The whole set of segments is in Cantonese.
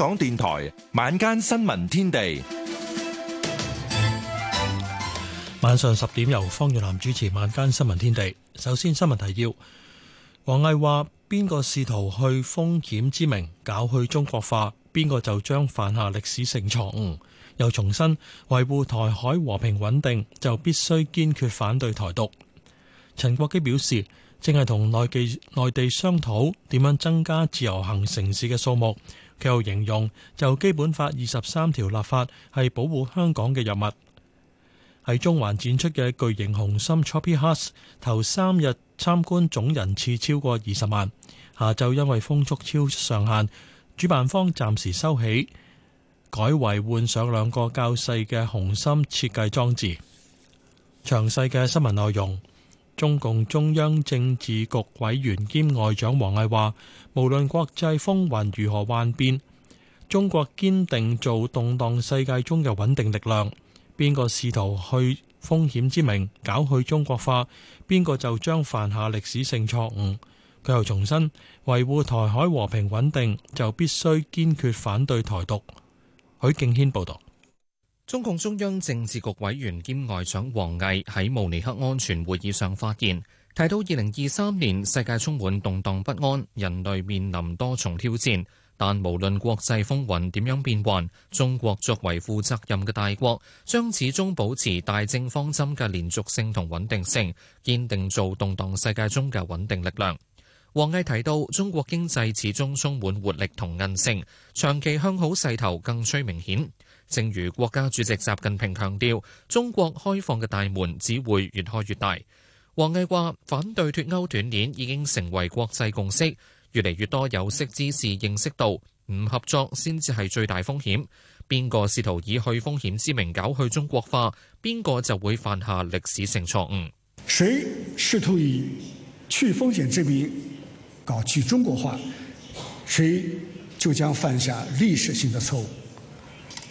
港電台晚間新聞天地，晚上十點由方若南主持。晚間新聞天地，首先新聞提要：王毅話，邊個試圖去風險之名搞去中國化，邊個就將犯下歷史性錯誤。又重申，維護台海和平穩定就必須堅決反對台獨。陳國基表示，正係同內地內地商討點樣增加自由行城市嘅數目。佢又形容就《基本法》二十三條立法係保護香港嘅任務。喺中環展出嘅巨型紅心 Chubby Hearts 頭三日參觀總人次超過二十萬。下晝因為風速超上限，主辦方暫時收起，改為換上兩個較細嘅紅心設計裝置。詳細嘅新聞內容。中共中央政治局委員兼外長王毅話，無論國際風雲如何幻變，中國堅定做動盪世界中嘅穩定力量。邊個試圖去風險之名搞去中國化，邊個就將犯下歷史性錯誤，佢又重申，維護台海和平穩定就必須堅決反對台獨，許敬軒報道。中共中央政治局委員兼外長王毅喺慕尼黑安全會議上發言，提到二零二三年世界充滿動盪不安，人類面臨多重挑戰。但無論國際風雲點樣變幻，中國作為負責任嘅大國，將始終保持大政方針嘅連續性同穩定性，堅定做動盪世界中嘅穩定力量。王毅提到，中國經濟始終充滿活力同韌性，長期向好勢頭更趨明顯。正如國家主席習近平強調，中國開放嘅大門只會越開越大。王毅話：反對脫鈎斷鏈已經成為國際共識，越嚟越多有識之士認識到，唔合作先至係最大風險。邊個試圖以去風險之名搞去中國化，邊個就會犯下歷史性錯誤。誰試圖以去風險之名搞去中國化，誰就將犯下歷史性的錯誤。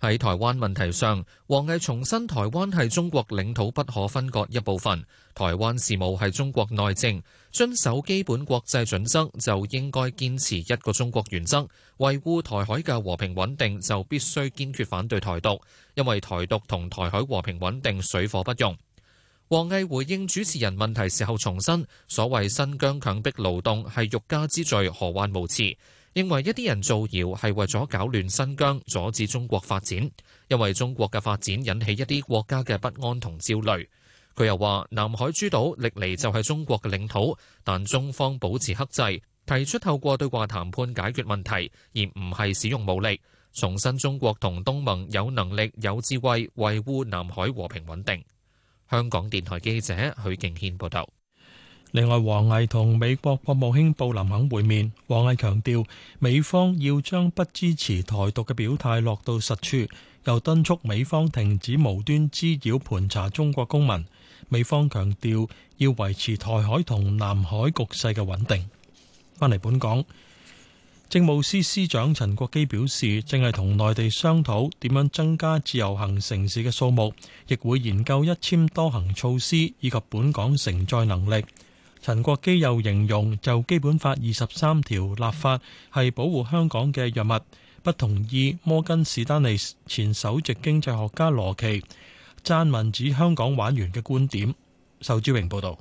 喺台灣問題上，王毅重申台灣係中國領土不可分割一部分，台灣事務係中國內政，遵守基本國際準則就應該堅持一個中國原則，維護台海嘅和平穩定就必須堅決反對台獨，因為台獨同台海和平穩定水火不容。王毅回應主持人問題時候重申，所謂新疆強迫勞動係欲加之罪，何患無辭。認為一啲人造謠係為咗搞亂新疆、阻止中國發展，因為中國嘅發展引起一啲國家嘅不安同焦慮。佢又話，南海諸島歷嚟就係中國嘅領土，但中方保持克制，提出透過對話談判解決問題，而唔係使用武力，重申中國同東盟有能力、有智慧維護南海和平穩定。香港電台記者許敬軒報道。另外，王毅同美國國務卿布林肯會面，王毅強調美方要將不支持台獨嘅表態落到實處，又敦促美方停止無端滋擾盤查中國公民。美方強調要維持台海同南海局勢嘅穩定。翻嚟本港，政務司司長陳國基表示，正係同內地商討點樣增加自由行城市嘅數目，亦會研究一簽多行措施以及本港承載能力。陳國基又形容就《基本法》二十三條立法係保護香港嘅藥物，不同意摩根士丹利前首席經濟學家羅奇撰文指香港玩完嘅觀點。仇志榮報導。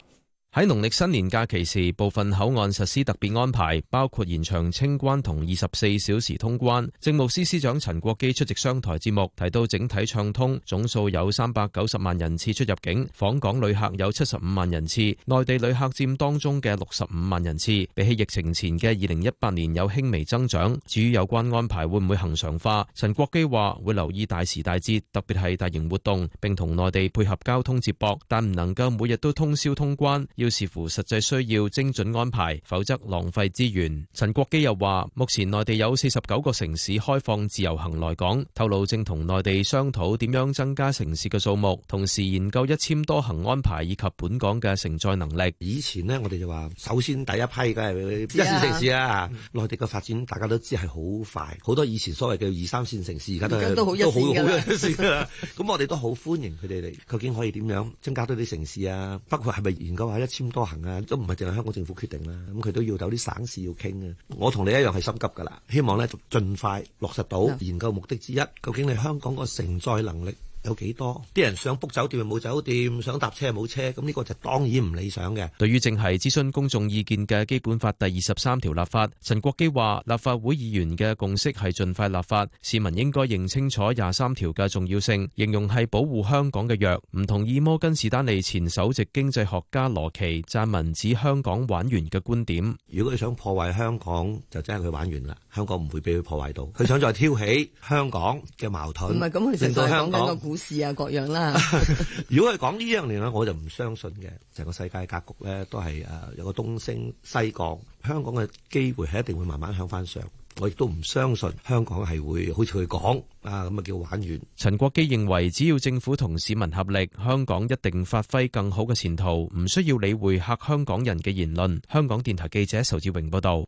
喺農曆新年假期時，部分口岸實施特別安排，包括延長清關同二十四小時通關。政務司司長陳國基出席商台節目，提到整體暢通，總數有三百九十萬人次出入境，訪港旅客有七十五萬人次，內地旅客佔當中嘅六十五萬人次，比起疫情前嘅二零一八年有輕微增長。至於有關安排會唔會恆常化，陳國基話會留意大時大節，特別係大型活動，並同內地配合交通接駁，但唔能夠每日都通宵通關。視乎實際需要，精準安排，否則浪費資源。陳國基又話：目前內地有四十九個城市開放自由行來港，透露正同內地商討點樣增加城市嘅數目，同時研究一簽多行安排以及本港嘅承載能力。以前呢，我哋就話，首先第一批嘅係一線城市啊，嗯、內地嘅發展大家都知係好快，好多以前所謂嘅二三線城市而家都都好一線啦 我哋都好歡迎佢哋嚟，究竟可以點樣增加多啲城市啊？包括係咪研究下咧？一簽多行啊，都唔係淨係香港政府決定啦、啊，咁、嗯、佢都要有啲省市要傾啊。我同你一樣係心急噶啦，希望咧就盡快落實到研究目的之一，究竟你香港個承載能力。有幾多啲人想 book 酒店又冇酒店，想搭車又冇車，咁呢個就當然唔理想嘅。對於正係諮詢公眾意見嘅基本法第二十三條立法，陳國基話：立法會議員嘅共識係盡快立法，市民應該認清楚廿三條嘅重要性，形容係保護香港嘅藥。唔同意摩根士丹利前首席經濟學家羅奇撰文指香港玩完嘅觀點。如果你想破壞香港，就真係佢玩完啦。香港唔會被佢破壞到，佢想再挑起香港嘅矛盾，唔係咁佢成日香港嘅股市啊各樣啦。 如果係講呢樣嘢咧，我就唔相信嘅，成個世界格局咧都係誒有個東升西降，香港嘅機會係一定會慢慢向翻上。我亦都唔相信香港係會好似佢講啊咁啊叫玩完。陳國基認為，只要政府同市民合力，香港一定發揮更好嘅前途，唔需要理會吓香港人嘅言論。香港電台記者仇志榮報道。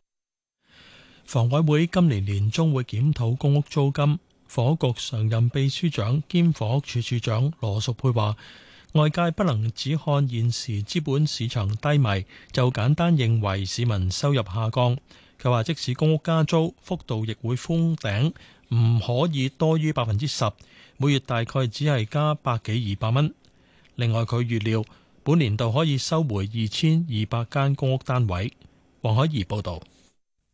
房委會今年年中會檢討公屋租金，房屋局常任秘書長兼房屋處處長羅淑佩話：外界不能只看現時資本市場低迷，就簡單認為市民收入下降。佢話即使公屋加租幅度亦會封頂，唔可以多於百分之十，每月大概只係加百幾二百蚊。另外，佢預料本年度可以收回二千二百間公屋單位。黃海怡報道。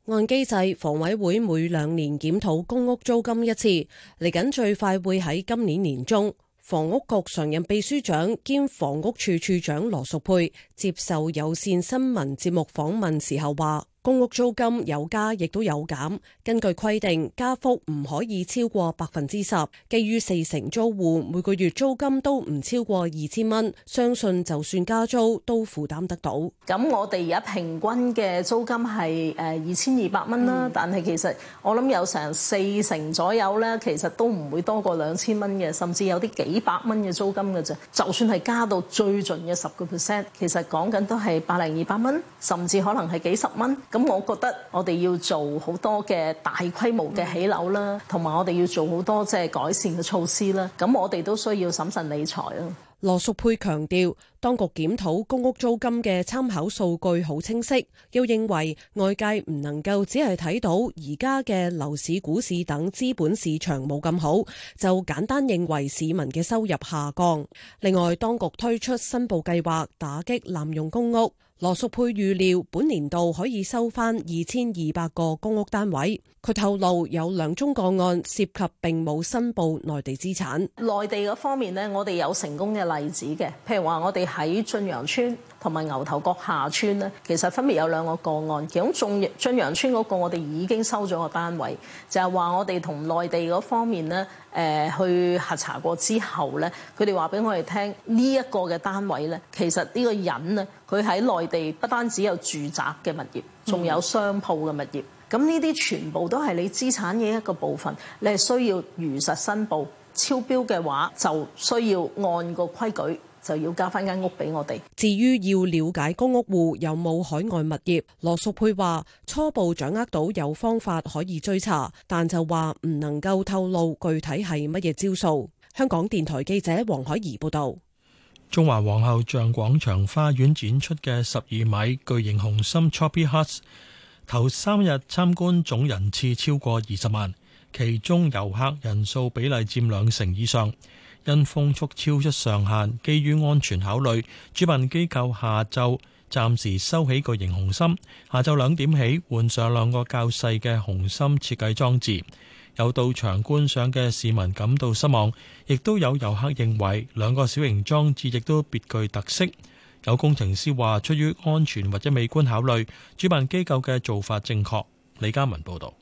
按機制，房委會每兩年檢討公屋租金一次，嚟緊最快會喺今年年中。房屋局常任秘書長兼房屋處處長羅淑佩接受有線新聞節目訪問時候話。公屋租金有加亦都有減，根據規定加幅唔可以超過百分之十。基於四成租戶每個月租金都唔超過二千蚊，相信就算加租都負擔得到。咁我哋而家平均嘅租金係誒二千二百蚊啦，嗯、但係其實我諗有成四成左右咧，其實都唔會多過兩千蚊嘅，甚至有啲幾百蚊嘅租金嘅啫。就算係加到最盡嘅十個 percent，其實講緊都係百零二百蚊，甚至可能係幾十蚊。咁我覺得我哋要做好多嘅大規模嘅起樓啦，同埋我哋要做好多即係改善嘅措施啦。咁我哋都需要審慎理財啦。羅淑佩強調，當局檢討公屋租金嘅參考數據好清晰，又認為外界唔能夠只係睇到而家嘅樓市、股市等資本市場冇咁好，就簡單認為市民嘅收入下降。另外，當局推出申報計劃，打擊濫用公屋。.羅淑佩預料本年度可以收翻二千二百個公屋單位。佢透露有兩宗個案涉及並冇申報內地資產。內地嗰方面呢，我哋有成功嘅例子嘅，譬如話我哋喺駿洋村同埋牛頭角下村呢，其實分別有兩個個案。其中，駿洋村嗰個我哋已經收咗個單位，就係話我哋同內地嗰方面呢，誒去核查過之後呢，佢哋話俾我哋聽呢一個嘅單位呢，其實呢個人呢。」佢喺內地不單止有住宅嘅物業，仲有商鋪嘅物業。咁呢啲全部都係你資產嘅一個部分，你係需要如實申報。超標嘅話，就需要按個規矩，就要加翻間屋俾我哋。至於要了解公屋戶有冇海外物業，羅淑佩話初步掌握到有方法可以追查，但就話唔能夠透露具體係乜嘢招數。香港電台記者黃海怡報道。中華皇后像廣場花園展出嘅十二米巨型紅心 Chubby Hearts，頭三日參觀總人次超過二十萬，其中遊客人數比例佔兩成以上。因風速超出上限，基於安全考慮，主辦機構下晝暫時收起巨型紅心，下晝兩點起換上兩個較細嘅紅心設計裝置。有到場觀賞嘅市民感到失望，亦都有遊客認為兩個小型裝置亦都別具特色。有工程師話，出於安全或者美觀考慮，主辦機構嘅做法正確。李嘉文報導。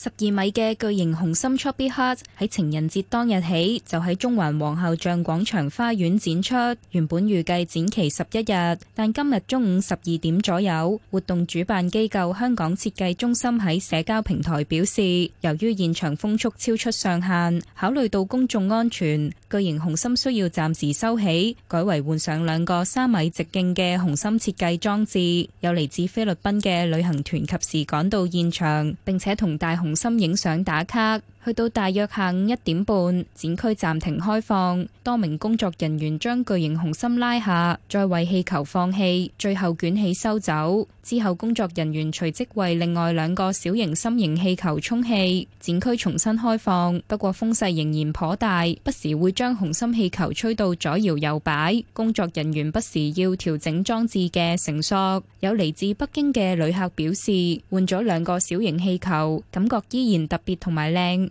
十二米嘅巨型紅心 Chubby Heart 喺情人節當日起就喺中環皇后像廣場花園展出，原本預計展期十一日，但今日中午十二點左右，活動主辦機構香港設計中心喺社交平台表示，由於現場風速超出上限，考慮到公眾安全，巨型紅心需要暫時收起，改為換上兩個三米直徑嘅紅心設計裝置。有嚟自菲律賓嘅旅行團及時趕到現場，並且同大紅。用心影相打卡。去到大約下午一點半，展區暫停開放，多名工作人員將巨型紅心拉下，再為氣球放氣，最後捲起收走。之後，工作人員隨即為另外兩個小型心形氣球充氣，展區重新開放。不過風勢仍然頗大，不時會將紅心氣球吹到左搖右擺，工作人員不時要調整裝置嘅繩索。有嚟自北京嘅旅客表示，換咗兩個小型氣球，感覺依然特別同埋靚。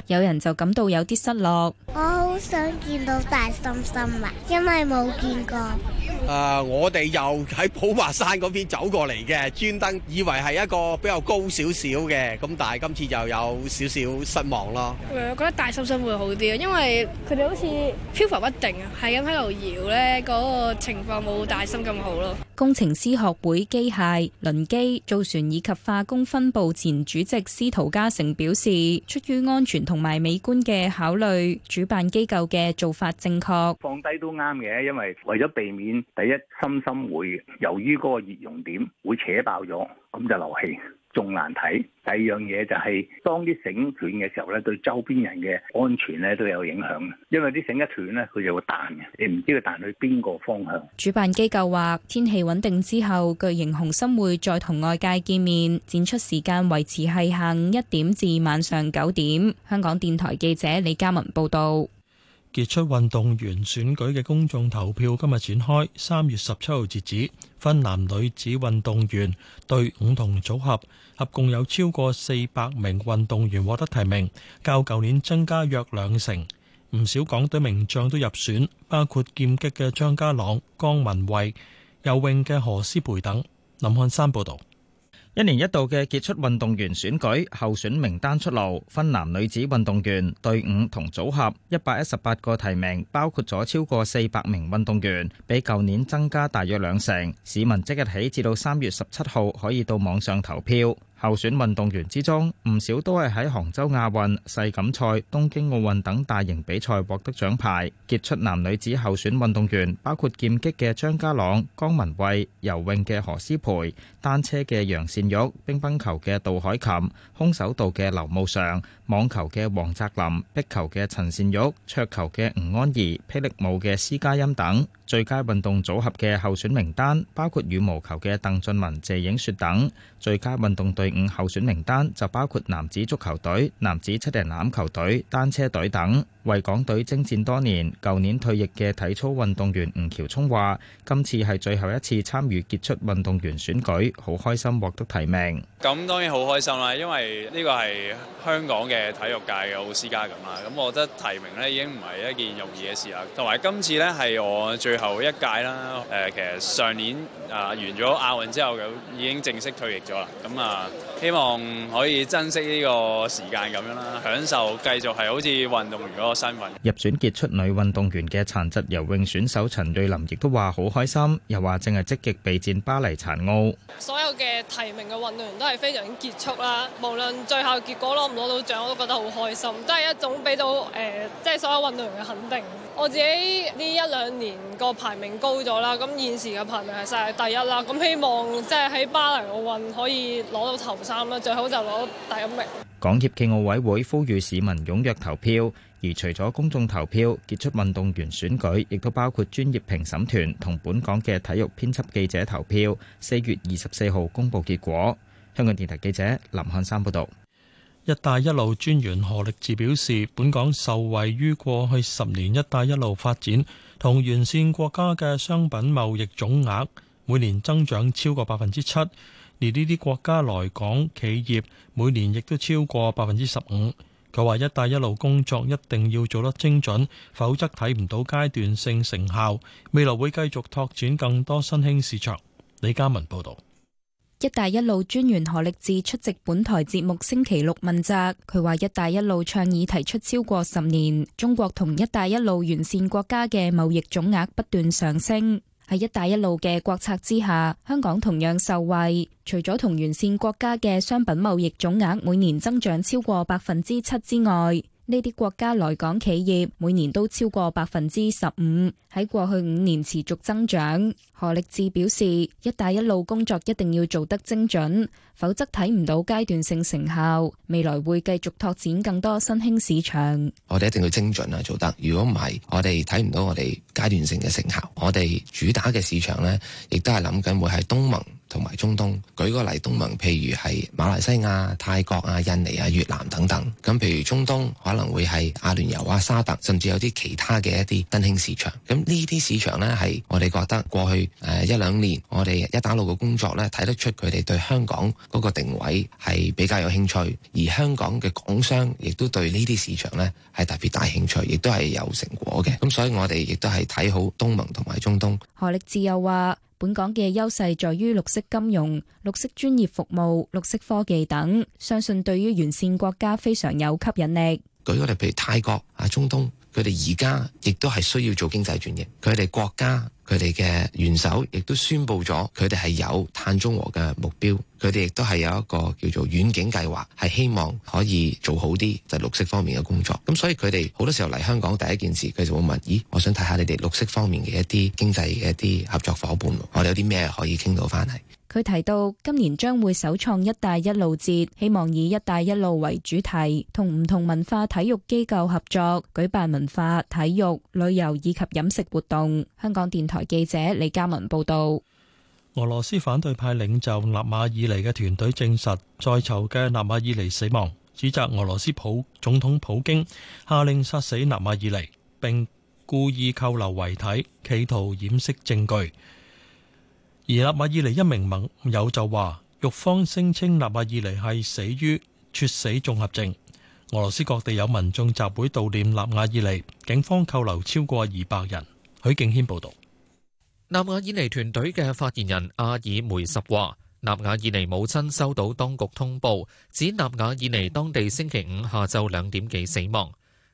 有人就感到有啲失落。我好想見到大猩猩啊，因為冇見過。誒，我哋又喺普華山嗰邊走過嚟嘅，專登以為係一個比較高少少嘅，咁但係今次又有少少失望咯。誒，我覺得大猩猩會好啲啊，因為佢哋好似漂浮不定啊，係咁喺度搖咧，嗰個情況冇大猩咁好咯。工程師學會機械、輪機、造船以及化工分部前主席司徒嘉誠表示，出於安全。同埋美觀嘅考慮，主辦機構嘅做法正確，放低都啱嘅，因為為咗避免第一，心心會由於嗰個熱熔點會扯爆咗，咁就漏氣。仲難睇，第二樣嘢就係當啲繩斷嘅時候咧，對周邊人嘅安全咧都有影響。因為啲繩一斷咧，佢就會彈嘅，你唔知佢彈去邊個方向。主辦機構話：天氣穩定之後，巨型紅心會再同外界見面，展出時間維持係下午一點至晚上九點。香港電台記者李嘉文報道。傑出運動員選舉嘅公眾投票今日展開，三月十七號截止。分男、女子運動員、隊伍同組合，合共有超過四百名運動員獲得提名，較舊年增加約兩成。唔少港隊名將都入選，包括劍擊嘅張家朗、江文蔚、游泳嘅何詩蓓等。林漢山報道。一年一度嘅傑出運動員選舉候選名單出爐，分男女子運動員隊伍同組合一百一十八個提名，包括咗超過四百名運動員，比舊年增加大約兩成。市民即日起至到三月十七號可以到網上投票。候選運動員之中，唔少都係喺杭州亞運、世錦賽、東京奧運等大型比賽獲得獎牌。傑出男女子候選運動員包括劍擊嘅張家朗、江文慧，游泳嘅何詩蓓，單車嘅楊善玉，乒乓球嘅杜凱琹，空手道嘅劉慕裳，網球嘅王澤林，壁球嘅陳善玉，桌球嘅吳安儀，霹靂舞嘅施嘉欣等。最佳運動組合嘅候選名單包括羽毛球嘅鄧俊文、謝影雪等；最佳運動隊伍候選名單就包括男子足球隊、男子七人欖球隊、單車隊等。為港隊征戰多年，舊年退役嘅體操運動員吳橋聰話，今次係最後一次參與傑出運動員選舉，好開心獲得提名。咁當然好開心啦，因為呢個係香港嘅體育界嘅奧斯卡咁啦。咁我覺得提名呢已經唔係一件容易嘅事啦。同埋今次呢係我最後一屆啦。誒，其實上年啊完咗亞運之後，已經正式退役咗啦。咁啊，希望可以珍惜呢個時間咁樣啦，享受繼續係好似運動員入選傑出女運動員嘅殘疾游泳選手陳瑞琳亦都話好開心，又話淨係積極備戰巴黎殘奧。所有嘅提名嘅運動員都係非常之結束啦，無論最後結果攞唔攞到獎我都覺得好開心，都係一種俾到誒，即、呃、係所有運動員嘅肯定。我自己呢一兩年個排名高咗啦，咁現時嘅排名係世界第一啦，咁希望即係喺巴黎奧運可以攞到頭三啦，最好就攞第一名。港協暨奧委會呼籲市民踴躍投票，而除咗公眾投票，傑出運動員選舉亦都包括專業評審團同本港嘅體育編輯記者投票。四月二十四號公佈結果。香港電台記者林漢山報道：「一帶一路專員何力智表示，本港受惠於過去十年一帶一路發展同完善國家嘅商品貿易總額，每年增長超過百分之七。而呢啲國家來港企業每年亦都超過百分之十五。佢話一帶一路工作一定要做得精準，否則睇唔到階段性成效。未來會繼續拓展更多新興市場，李嘉文報道。一帶一路專員何力志出席本台節目星期六問責，佢話一帶一路倡議提出超過十年，中國同一帶一路完善國家嘅貿易總額不斷上升。喺“一帶一路”嘅國策之下，香港同樣受惠。除咗同沿線國家嘅商品貿易總額每年增長超過百分之七之外，呢啲國家來港企業每年都超過百分之十五，喺過去五年持續增長。何力智表示，一帶一路工作一定要做得精準，否則睇唔到階段性成效。未來會繼續拓展更多新興市場。我哋一定要精準啊做得，如果唔係，我哋睇唔到我哋階段性嘅成效。我哋主打嘅市場呢，亦都係諗緊會喺東盟。同埋中東，舉個例，東盟譬如係馬來西亞、泰國啊、印尼啊、越南等等。咁譬如中東可能會係阿聯酋啊、沙特，甚至有啲其他嘅一啲新興市場。咁呢啲市場呢，係我哋覺得過去誒一兩年我哋一帶一路嘅工作呢，睇得出佢哋對香港嗰個定位係比較有興趣，而香港嘅港商亦都對呢啲市場呢係特別大興趣，亦都係有成果嘅。咁所以我哋亦都係睇好東盟同埋中東。何力智又話。本港嘅優勢在於綠色金融、綠色專業服務、綠色科技等，相信對於完善國家非常有吸引力。舉個例，譬如泰國啊、中東。佢哋而家亦都係需要做經濟轉型，佢哋國家佢哋嘅元首亦都宣布咗，佢哋係有碳中和嘅目標，佢哋亦都係有一個叫做遠景計劃，係希望可以做好啲就係綠色方面嘅工作。咁所以佢哋好多時候嚟香港第一件事，佢就會問：咦，我想睇下你哋綠色方面嘅一啲經濟嘅一啲合作伙伴，我哋有啲咩可以傾到翻嚟？佢提到，今年將會首創一帶一路節，希望以一帶一路為主題，同唔同文化體育機構合作舉辦文化、體育、旅遊以及飲食活動，香港電台記者李嘉文報道。俄羅斯反對派領袖納馬爾尼嘅團隊證實在囚嘅納馬爾尼死亡，指責俄羅斯普總統普京下令殺死納馬爾尼，並故意扣留遺體，企圖掩飾證據。而納瓦爾尼一名盟友就話，獄方聲稱納瓦爾尼係死於猝死綜合症。俄羅斯各地有民眾集會悼念納瓦爾尼，警方扣留超過二百人。許敬軒報道。納瓦爾尼團隊嘅發言人阿爾梅什話，納瓦爾尼母親收到當局通報，指納瓦爾尼當地星期五下晝兩點幾死亡。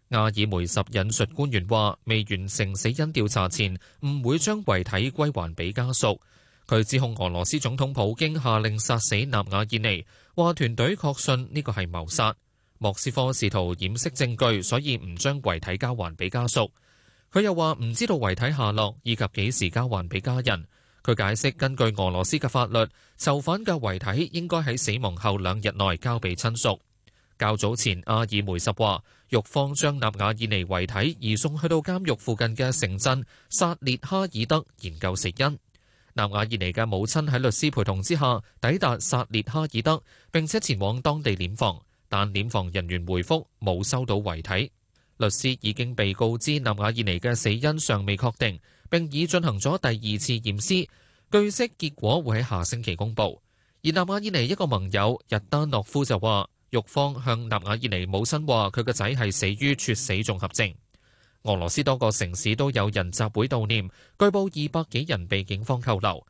阿爾梅什引述官員話，未完成死因調查前，唔會將遺體歸還俾家屬。佢指控俄羅斯總統普京下令殺死納瓦爾尼，話團隊確信呢個係謀殺。莫斯科試圖掩飾證據，所以唔將遺體交還俾家屬。佢又話唔知道遺體下落以及幾時交還俾家人。佢解釋根據俄羅斯嘅法律，囚犯嘅遺體應該喺死亡後兩日內交俾親屬。較早前，阿爾梅什話獄方將納瓦爾尼遺體移送去到監獄附近嘅城鎮薩列哈爾德研究死因。納瓦爾尼嘅母親喺律師陪同之下抵達薩列哈爾德，並且前往當地殮房，但殮房人員回覆冇收到遺體。律師已經被告知納瓦爾尼嘅死因尚未確定，並已進行咗第二次驗屍，據悉結果會喺下星期公布。而納瓦爾尼一個盟友日丹諾夫就話，獄方向納瓦爾尼母親話佢個仔係死於猝死綜合症。俄羅斯多個城市都有人集會悼念，據報二百幾人被警方扣留。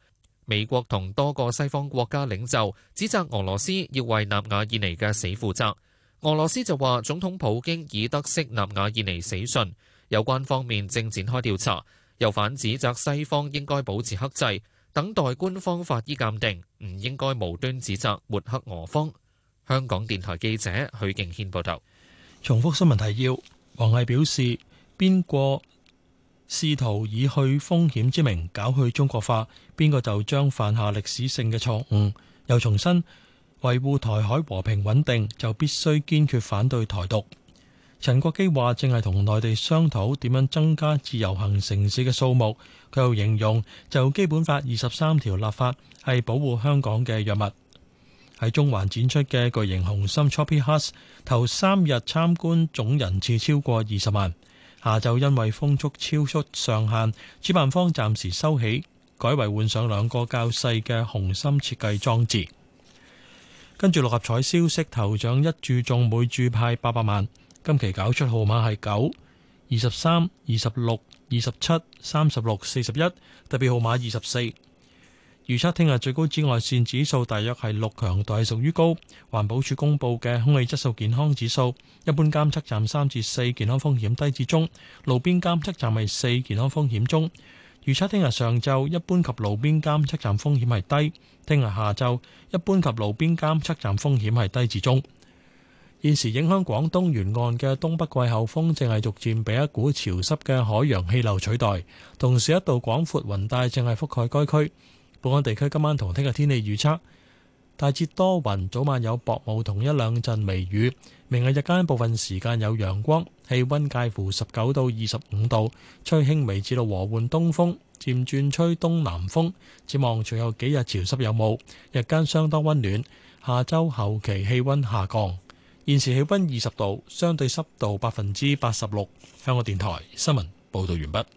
美國同多個西方國家領袖指責俄羅斯要為納瓦爾尼嘅死負責。俄羅斯就話，總統普京已得悉納瓦爾尼死訊，有關方面正展開調查，又反指責西方應該保持克制，等待官方法醫鑒定，唔應該無端指責抹黑俄方。香港電台記者許敬軒報道。重複新聞提要：王毅表示。邊個試圖以去風險之名搞去中國化，邊個就將犯下歷史性嘅錯誤。又重申維護台海和平穩定，就必須堅決反對台獨。陳國基話，正係同內地商討點樣增加自由行城市嘅數目。佢又形容就基本法二十三條立法係保護香港嘅藥物。喺中環展出嘅巨型紅心 Chubby Hearts，頭三日參觀總人次超過二十萬。下晝因為風速超出上限，主辦方暫時收起，改為換上兩個較細嘅紅心設計裝置。跟住六合彩消息，頭獎一注中，每注派八百萬。今期攪出號碼係九、二十三、二十六、二十七、三十六、四十一，特別號碼二十四。預測聽日最高紫外線指數大約係六，強度屬於高。環保署公佈嘅空氣質素健康指數，一般監測站三至四，健康風險低至中，路邊監測站係四，健康風險中。預測聽日上晝一般及路邊監測站風險係低，聽日下晝一般及路邊監測站風險係低至中。現時影響廣東沿岸嘅東北季候風正係逐漸被一股潮濕嘅海洋氣流取代，同時一道廣闊雲帶正係覆蓋該區。本港地區今晚同聽日天氣預測，大致多雲，早晚有薄霧同一兩陣微雨。明日日間部分時間有陽光，氣温介乎十九到二十五度，吹輕微至到和緩東風，漸轉吹東南風。展望隨後幾日潮濕有霧，日間相當温暖。下周後期氣温下降。現時氣温二十度，相對濕度百分之八十六。香港電台新聞報導完畢。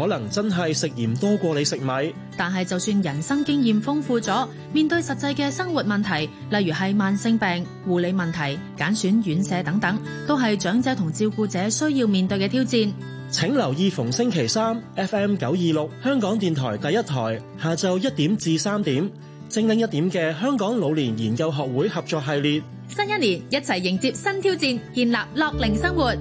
可能真係食鹽多過你食米，但係就算人生經驗豐富咗，面對實際嘅生活問題，例如係慢性病、護理問題、揀選院舍等等，都係長者同照顧者需要面對嘅挑戰。請留意逢星期三 FM 九二六香港電台第一台下晝一點至三點，精靈一點嘅香港老年研究學會合作系列，新一年一齊迎接新挑戰，建立樂齡生活。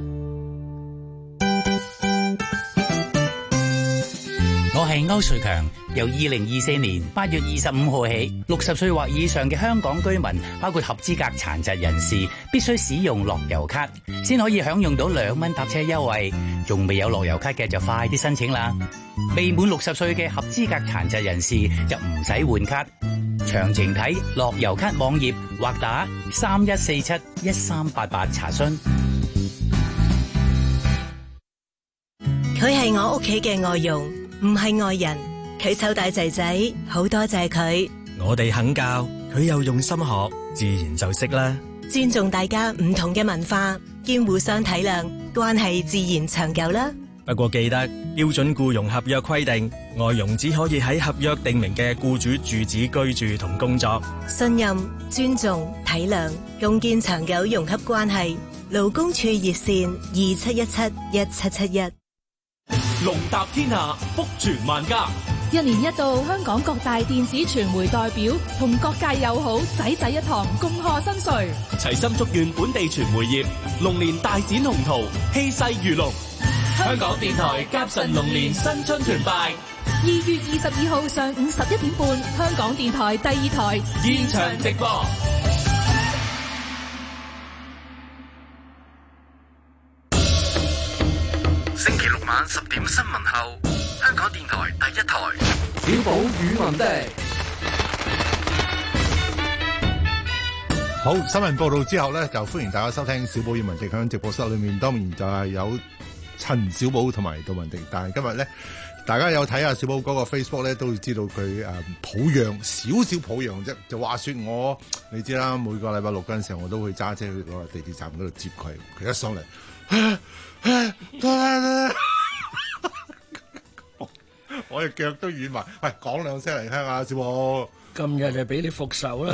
係歐瑞強。由二零二四年八月二十五號起，六十歲或以上嘅香港居民，包括合資格殘疾人士，必須使用樂悠卡，先可以享用到兩蚊搭車優惠。仲未有樂悠卡嘅，就快啲申請啦。未滿六十歲嘅合資格殘疾人士就唔使換卡。詳情睇樂悠卡網頁或打三一四七一三八八查詢。佢係我屋企嘅外傭。唔係外人，佢湊大仔仔，好多謝佢。我哋肯教，佢又用心學，自然就識啦。尊重大家唔同嘅文化，兼互相體諒，關係自然長久啦。不過記得標準僱傭合約規定，外傭只可以喺合約定明嘅僱主住址居住同工作。信任、尊重、體諒，共建長久融洽關係。勞工處熱線：二七一七一七七一。龍踏天下，福傳萬家。一年一度，香港各大電子傳媒代表同各界友好仔仔一堂，共賀新歲，齊心祝願本地傳媒業龍年大展宏圖，氣勢如龍。香港電台，香港電台甲辰龍年新春團拜，二月二十二號上午十一點半，香港電台第二台現場直播。十點新聞後，香港電台第一台小寶與文迪。好，新聞報道之後呢，就歡迎大家收聽小寶與文迪響直播室裏面。當然就係有陳小寶同埋杜文迪，但係今日呢，大家有睇下小寶嗰個 Facebook 咧，都會知道佢誒、嗯、抱恙，少少抱恙啫。就話說我，你知啦，每個禮拜六日嘅時候，我都會揸車去嗰個地鐵站嗰度接佢，佢一上嚟。 我嘅腳都軟埋，喂、哎，講兩聲嚟聽下小喎。今日就俾你復仇啦！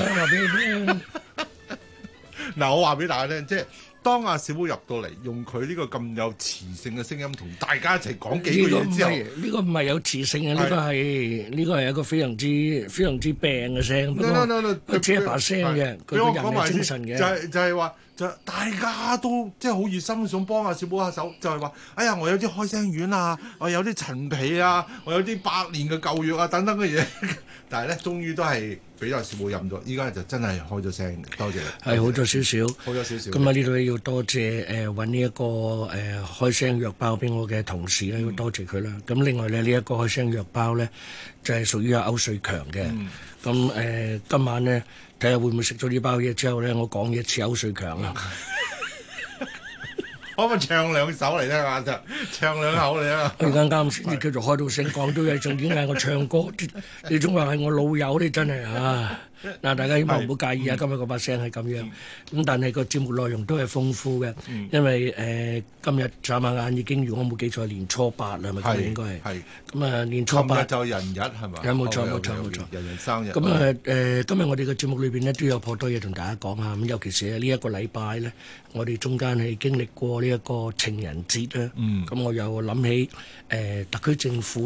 嗱， 我話俾大家聽啫。即係當阿小寶入到嚟，用佢呢個咁有磁性嘅聲音，同大家一齊講幾句嘢之後，呢個唔係有磁性嘅，呢個係呢個係一個非常之非常之病嘅聲。佢扯把聲嘅，佢個人係精神嘅。就係就係話，就大家都即係好熱心想幫阿小寶下手，就係話，哎呀，我有啲開聲丸啊，我有啲陳皮啊，我有啲百年嘅舊藥啊，等等嘅嘢。但係咧，終於都係俾阿小寶飲咗，依家就真係開咗聲。多謝。係好咗少少，好咗少少。咁啊，呢度要。多謝，誒揾呢一個誒、uh, mm. 開聲藥包俾我嘅同事咧，要、yeah, 多謝佢啦。咁另外咧，呢、這、一個開聲藥包咧，就係屬於阿歐瑞強嘅。咁誒、呃，今晚咧睇下會唔會食咗呢包嘢之後咧，我講嘢似歐瑞強啦。可唔可以唱兩首嚟咧？聽下？叔，唱兩口嚟啊！而家啱先，至叫做開到聲講都嘢，仲要嗌我唱歌，你仲話係我老友，你真係啊！嗱，大家希望唔好介意啊，今日個把聲係咁樣，咁但係個節目內容都係豐富嘅，因為誒今日眨下眼已經如果冇記錯，年初八啦，係咪？應該係，係，咁啊，年初八就人日係嘛？有冇錯？冇錯冇錯，人人生日。咁啊誒今日我哋嘅節目裏邊咧都有頗多嘢同大家講下，咁尤其是喺呢一個禮拜咧，我哋中間係經歷過呢一個情人節啦。嗯。咁我又諗起誒特區政府。